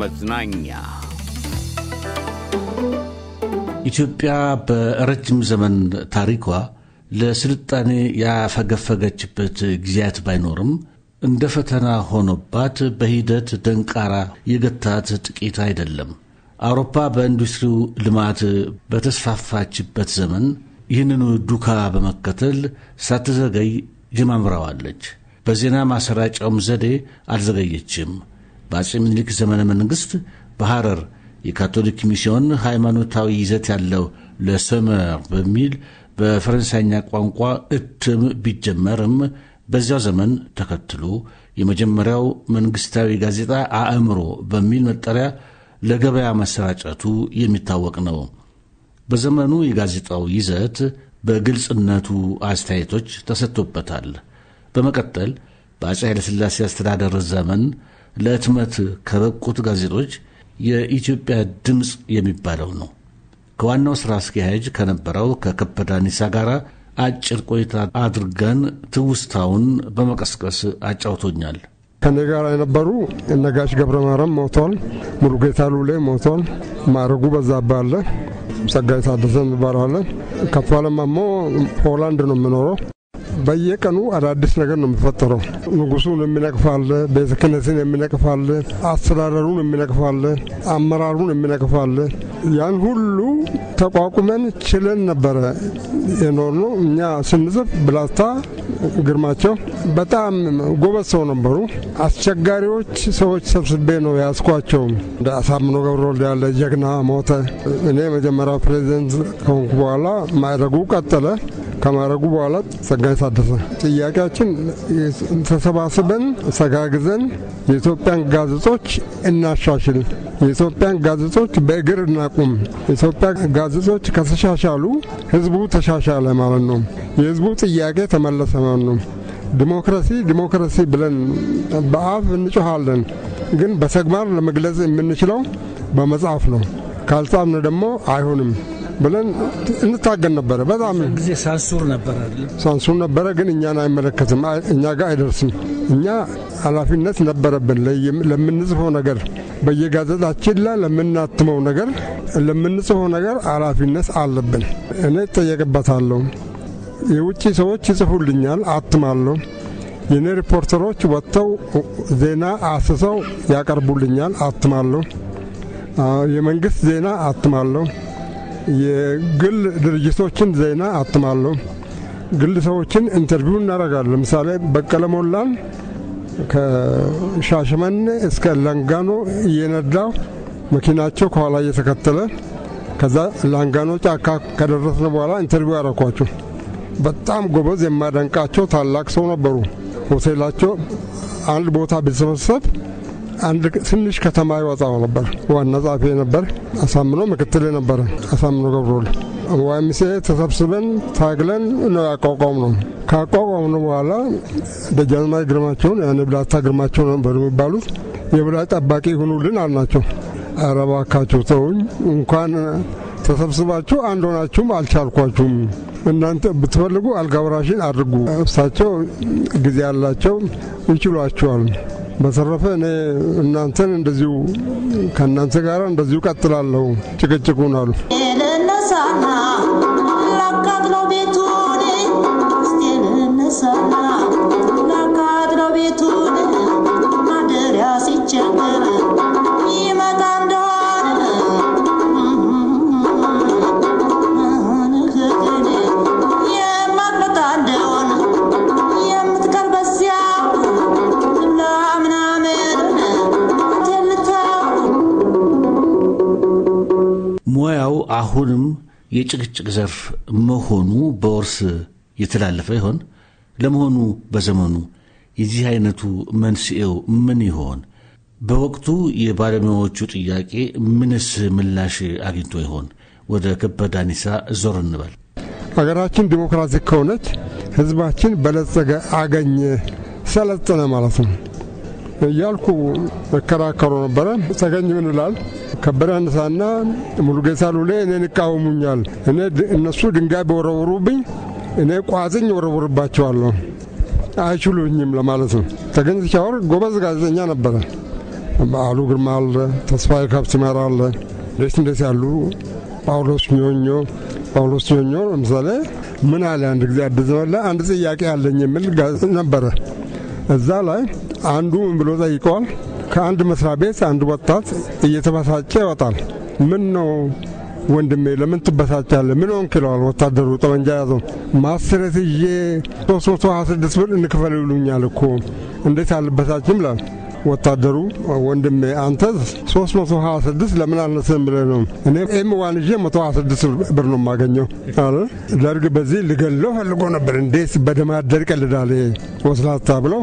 መዝናኛ ኢትዮጵያ በረጅም ዘመን ታሪኳ ለስልጣኔ ያፈገፈገችበት ጊዜያት ባይኖርም እንደ ፈተና ሆኖባት በሂደት ደንቃራ የገታት ጥቂት አይደለም። አውሮፓ በኢንዱስትሪው ልማት በተስፋፋችበት ዘመን ይህንኑ ዱካ በመከተል ሳትዘገይ ጀማምረዋለች። በዜና ማሰራጫውም ዘዴ አልዘገየችም። በአጼ ምኒልክ ዘመነ መንግስት በሐረር የካቶሊክ ሚስዮን ሃይማኖታዊ ይዘት ያለው ለሰመር በሚል በፈረንሳይኛ ቋንቋ እትም ቢጀመርም በዚያው ዘመን ተከትሎ የመጀመሪያው መንግስታዊ ጋዜጣ አእምሮ በሚል መጠሪያ ለገበያ መሰራጨቱ የሚታወቅ ነው። በዘመኑ የጋዜጣው ይዘት በግልጽነቱ አስተያየቶች ተሰጥቶበታል። በመቀጠል በአፄ ኃይለሥላሴ አስተዳደር ዘመን ለህትመት ከበቁት ጋዜጦች የኢትዮጵያ ድምፅ የሚባለው ነው። ከዋናው ስራ አስኪያጅ ከነበረው ከከበደ ጋር አጭር ቆይታ አድርገን ትውስታውን በመቀስቀስ አጫውቶኛል። ከኔ ጋር የነበሩ ነጋሽ ገብረ ማርያም ሞቷል፣ ሙሉጌታ ሉሌ ሞቷል፣ ማረጉ በዛ ባለ ጸጋይ ታደሰ የሚባለው አለ። ከቷለማሞ ፖላንድ ነው የምኖረው። በየቀኑ አዳዲስ ነገር ነው የሚፈጠረው። ንጉሱን የሚነቅፋለ፣ ቤተ ክህነትን የሚነቅፋለ፣ አስተዳደሩን የሚነቅፋለ፣ አመራሩን የሚነቅፋለ። ያን ሁሉ ተቋቁመን ችለን ነበረ የኖርነው። እኛ ስንጽፍ ብላስታ ግርማቸው በጣም ጎበዝ ሰው ነበሩ። አስቸጋሪዎች ሰዎች ሰብስቤ ነው ያስኳቸውም። እንደ አሳምኖ ገብረወልድ ያለ ጀግና ሞተ። እኔ መጀመሪያው ፕሬዚደንት ከሆንኩ በኋላ ማዕረጉ ቀጠለ። ከማድረጉ በኋላ ጸጋይ ታደሰ ጥያቄያችን ተሰባስበን ሰጋግዘን የኢትዮጵያን ጋዜጦች እናሻሽል፣ የኢትዮጵያን ጋዜጦች በእግር እናቁም። የኢትዮጵያ ጋዜጦች ከተሻሻሉ ህዝቡ ተሻሻለ ማለት ነው። የህዝቡ ጥያቄ ተመለሰ ማለት ነው። ዲሞክራሲ ዲሞክራሲ ብለን በአፍ እንጮኋለን፣ ግን በተግባር ለመግለጽ የምንችለው በመጽሐፍ ነው። ካልጻፍን ደግሞ አይሆንም። ብለን እንታገል ነበረ። በጣም ጊዜ ሳንሱር ነበረ ሳንሱር ነበረ፣ ግን እኛን አይመለከትም፣ እኛ ጋር አይደርስም። እኛ ኃላፊነት ነበረብን ለምንጽፈው ነገር በየጋዜጣችን ላይ ለምናትመው ነገር ለምንጽፈው ነገር ኃላፊነት አለብን። እኔ እጠየቅበታለሁ። የውጭ ሰዎች ይጽፉልኛል፣ አትማለሁ። የእኔ ሪፖርተሮች ወጥተው ዜና አስሰው ያቀርቡልኛል፣ አትማለሁ። የመንግስት ዜና አትማለሁ። የግል ድርጅቶችን ዜና አትማለሁ። ግል ሰዎችን ኢንተርቪው እናደርጋለን። ለምሳሌ በቀለ ሞላን ከሻሸመኔ እስከ ላንጋኖ እየነዳው መኪናቸው ከኋላ እየተከተለ ከዛ ላንጋኖ ጫካ ከደረስነ በኋላ ኢንተርቪው ያደረኳቸው በጣም ጎበዝ የማደንቃቸው ታላቅ ሰው ነበሩ። ሆቴላቸው አንድ ቦታ ቢሰበሰብ አንድ ትንሽ ከተማ ይወጣው ነበር። ዋና ጸሐፊ ነበር አሳምኖ፣ ምክትል ነበረ አሳምኖ ገብሮል። ዋሚሴ ተሰብስበን ታግለን ነው ያቋቋም ነው። ካቋቋም ነው በኋላ ደጃዝማች ግርማቸውን ያኔ ብላታ ግርማቸው ነበሩ የሚባሉት የብላ ጠባቂ ሆኑልን አልናቸው። ኧረ እባካችሁ ተውኝ እንኳን ተሰብስባችሁ አንድ ሆናችሁም አልቻልኳችሁም። እናንተ ብትፈልጉ አልጋብራሽን አድርጉ። እሳቸው ጊዜ ያላቸው ይችሏችኋል። በተረፈ እኔ እናንተን እንደዚሁ ከእናንተ ጋር እንደዚሁ ቀጥላለሁ ጭቅጭቁን አሉ። ቤቱ ሙያው አሁንም የጭቅጭቅ ዘርፍ መሆኑ በወርስ የተላለፈ ይሆን? ለመሆኑ በዘመኑ የዚህ አይነቱ መንስኤው ምን ይሆን? በወቅቱ የባለሙያዎቹ ጥያቄ ምንስ ምላሽ አግኝቶ ይሆን? ወደ ከበዳ ኒሳ ዞር እንበል። አገራችን ዲሞክራሲ ከሆነች ህዝባችን በለጸገ፣ አገኘ፣ ሰለጠነ ማለት ነው እያልኩ መከራከሩ ነበረ። ጸገኝ ምን ይላል ከበደ አነሳና ሙሉጌታ ሉሌ እኔን ይቃወሙኛል። እኔ እነሱ ድንጋይ በወረውሩብኝ እኔ ቋዝኝ ወረውርባቸዋለሁ አይችሉኝም ለማለት ነው። ተገኝ ሲቻወር ጎበዝ ጋዜጠኛ ነበረ። በዓሉ ግርማ አለ፣ ተስፋዬ ካፕቲመር አለ፣ እንዴት እንዴት ያሉ ጳውሎስ ኞኞ ጳውሎስ ኞኞ ለምሳሌ ምን አለ አንድ ጊዜ አዲስ አንድ ጥያቄ አለኝ የሚል ነበረ። እዛ ላይ አንዱ ምን ብሎ ጠይቀዋል ከአንድ መስሪያ ቤት አንድ ወጣት እየተበሳጨ ይወጣል። ምን ነው ወንድሜ ለምን ትበሳጫለ? ምን ሆንክ ይለዋል። ወታደሩ ጠመንጃ ያዘው። ማስረት ይዤ 326 ብር እንክፈል ይሉኛል እኮ እንዴት አልበሳጭም ይላል። ወታደሩ ወንድሜ አንተ ሶስት መቶ ሀያ ስድስት ለምን አነሰን ብለህ ነው? እኔ ኤም ዋን ይዤ ስድስት ብር ነው የማገኘው አለ። ደርግ በዚህ ልገለው ፈልጎ ነበር። እንዴት በደማደር ቀልዳል ወስላታ ብለው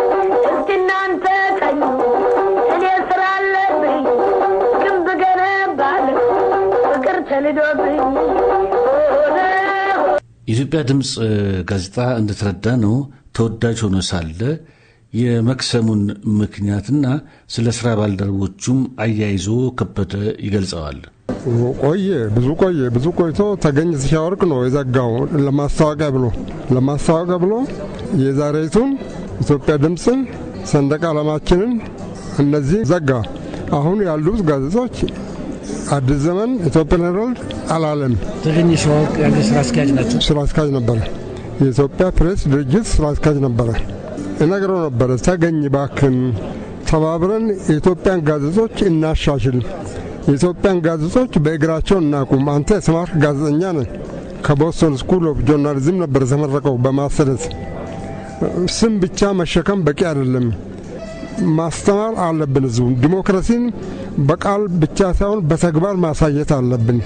የኢትዮጵያ ድምፅ ጋዜጣ እንደተረዳ ነው ተወዳጅ ሆኖ ሳለ የመክሰሙን ምክንያትና ስለ ስራ ባልደረቦቹም አያይዞ ከበደ ይገልጸዋል። ቆየ ብዙ ቆየ ብዙ ቆይቶ ተገኝ ሲያወርቅ ነው የዘጋው። ለማስታወቂያ ብሎ ለማስታወቂያ ብሎ የዛሬቱን ኢትዮጵያ ድምፅን ሰንደቅ ዓላማችንን እነዚህ ዘጋ። አሁን ያሉት ጋዜጦች አዲስ ዘመን ኢትዮጵያን ሄራልድ አላለም። ትግኝ ሾክ ያኔ ስራ አስኪያጅ ናቸው። ስራ አስኪያጅ ነበረ። የኢትዮጵያ ፕሬስ ድርጅት ስራ አስኪያጅ ነበረ። እነግረው ነበረ፣ ተገኝ እባክህን ተባብረን የኢትዮጵያን ጋዜጦች እናሻሽል፣ የኢትዮጵያን ጋዜጦች በእግራቸው እናቁም። አንተ ስማርክ ጋዜጠኛ ነህ። ከቦስቶን ስኩል ኦፍ ጆርናሊዝም ነበር የተመረቀው በማሰደት ስም ብቻ መሸከም በቂ አይደለም፣ ማስተማር አለብን ህዝቡን ዲሞክራሲን በቃል ብቻ ሳይሆን በተግባር ማሳየት አለብን።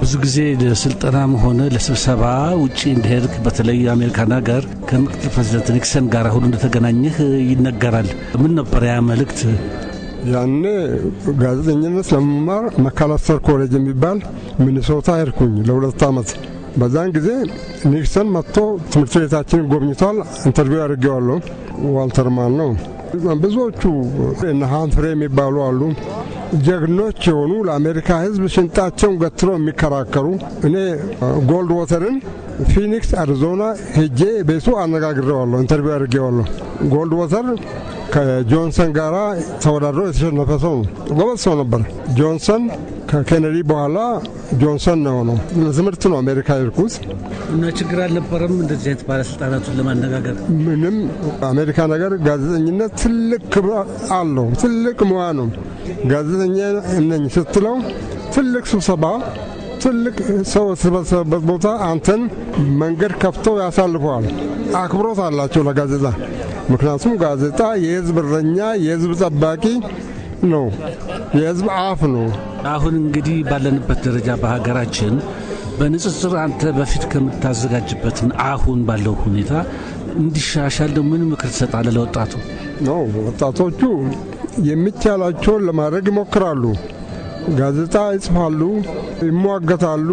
ብዙ ጊዜ ለስልጠናም ሆነ ለስብሰባ ውጭ እንደሄድክ በተለይ አሜሪካን ሀገር ከምክትል ፕሬዚደንት ኒክሰን ጋር ሁሉ እንደተገናኘህ ይነገራል። ምን ነበር ያ መልእክት? ያኔ ጋዜጠኝነት ለመማር መካላስተር ኮሌጅ የሚባል ሚኒሶታ ሄድኩኝ ለሁለት ዓመት። በዛን ጊዜ ኒክሰን መጥቶ ትምህርት ቤታችን ጎብኝቷል። ኢንተርቪው አድርጌዋለሁ። ዋልተርማን ነው ብዙዎቹ እነ ሃንፍሬ የሚባሉ አሉ ጀግኖች የሆኑ ለአሜሪካ ሕዝብ ሽንጣቸውን ገትረው የሚከራከሩ እኔ ጎልድ ወተርን ፊኒክስ አሪዞና ሄጄ ቤቱ አነጋግሬዋለሁ፣ ኢንተርቪው አድርጌዋለሁ። ጎልድ ወተር ከጆንሰን ጋር ተወዳድሮ የተሸነፈ ሰው ነው። ጎበዝ ሰው ነበር ጆንሰን። ከኬነዲ በኋላ ጆንሰን ነው ነው። ለትምህርት ነው አሜሪካ የሄድኩት እና ችግር አልነበረም። እንደዚህ አይነት ባለስልጣናቱን ለማነጋገር ምንም አሜሪካ ነገር ጋዜጠኝነት ትልቅ ክብር አለው። ትልቅ ሙያ ነው። ጋዜጠኛ ነኝ ስትለው ትልቅ ስብሰባ ትልቅ ሰው የተሰበሰበበት ቦታ አንተን መንገድ ከፍተው ያሳልፈዋል። አክብሮት አላቸው ለጋዜጣ። ምክንያቱም ጋዜጣ የህዝብ እረኛ፣ የህዝብ ጠባቂ ነው፣ የህዝብ አፍ ነው። አሁን እንግዲህ ባለንበት ደረጃ በሀገራችን በንጽጽር አንተ በፊት ከምታዘጋጅበትን አሁን ባለው ሁኔታ እንዲሻሻል ደግሞ ምን ምክር ትሰጣለህ ለወጣቱ? ነው ወጣቶቹ የሚቻላቸውን ለማድረግ ይሞክራሉ። ጋዜጣ ይጽፋሉ፣ ይሟገታሉ፣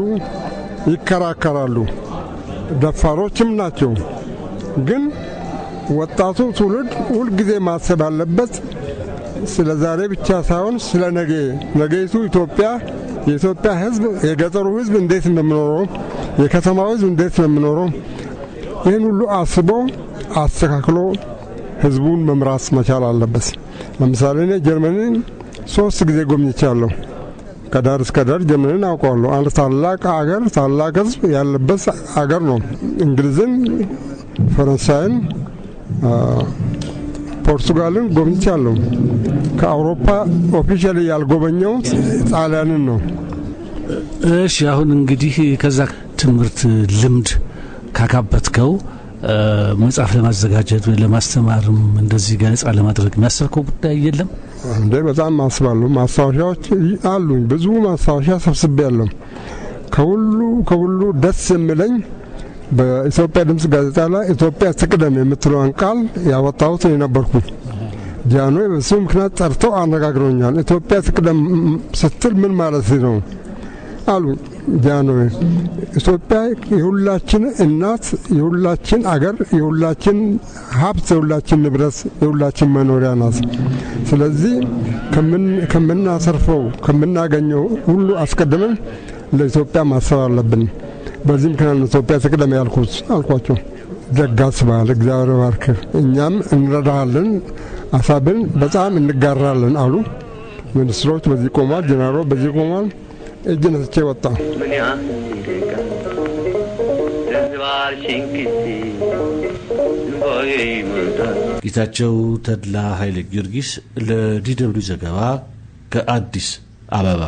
ይከራከራሉ። ደፋሮችም ናቸው። ግን ወጣቱ ትውልድ ሁልጊዜ ማሰብ አለበት ስለ ዛሬ ብቻ ሳይሆን ስለ ነገ፣ ነገይቱ ኢትዮጵያ፣ የኢትዮጵያ ሕዝብ፣ የገጠሩ ሕዝብ እንዴት እንደምኖረው፣ የከተማው ሕዝብ እንዴት እንደምኖረው ይህን ሁሉ አስቦ አስተካክሎ ሕዝቡን መምራት መቻል አለበት። ለምሳሌ እኔ ጀርመንን ሶስት ጊዜ ጎብኝቻለሁ። ከዳር እስከ ዳር ጀርመንን አውቀዋለሁ። አንድ ታላቅ አገር፣ ታላቅ ህዝብ ያለበት አገር ነው። እንግሊዝን፣ ፈረንሳይን፣ ፖርቱጋልን ጎብኝቻለሁ። ከአውሮፓ ኦፊሻሊ ያልጎበኘው ጣሊያንን ነው። እሺ፣ አሁን እንግዲህ ከዛ ትምህርት ልምድ ካካበትከው መጽሐፍ ለማዘጋጀት ወይ ለማስተማርም እንደዚህ ገለጻ ለማድረግ የሚያሰብከው ጉዳይ የለም? እንደ በጣም አስባለሁ። ማስታወሻዎች አሉኝ፣ ብዙ ማስታወሻ ሰብስቤያለሁ። ከሁሉ ከሁሉ ደስ የሚለኝ በኢትዮጵያ ድምፅ ጋዜጣ ላይ ኢትዮጵያ ትቅደም የምትለውን ቃል ያወጣሁት የነበርኩ? ጃኖ በሱ ምክንያት ጠርተው አነጋግሮኛል። ኢትዮጵያ ትቅደም ስትል ምን ማለት ነው አሉ። ጃንሆይ ኢትዮጵያ የሁላችን እናት፣ የሁላችን አገር፣ የሁላችን ሀብት፣ የሁላችን ንብረት፣ የሁላችን መኖሪያ ናት። ስለዚህ ከምናሰርፈው ከምናገኘው ሁሉ አስቀድመን ለኢትዮጵያ ማሰብ አለብን። በዚህ ምክንያት ኢትዮጵያ ትቅደም ያልኩት አልኳቸው። ደጋስ ባል እግዚአብሔር ባርክ፣ እኛም እንረዳሃለን፣ አሳብን በጣም እንጋራለን አሉ። ሚኒስትሮች በዚህ ቆሟል፣ ጀነራሎች በዚህ ቆሟል። እጅ ነስቼ ወጣሁ። ጌታቸው ተድላ ኃይለ ጊዮርጊስ ለዲ ደብልዩ ዘገባ ከአዲስ አበባ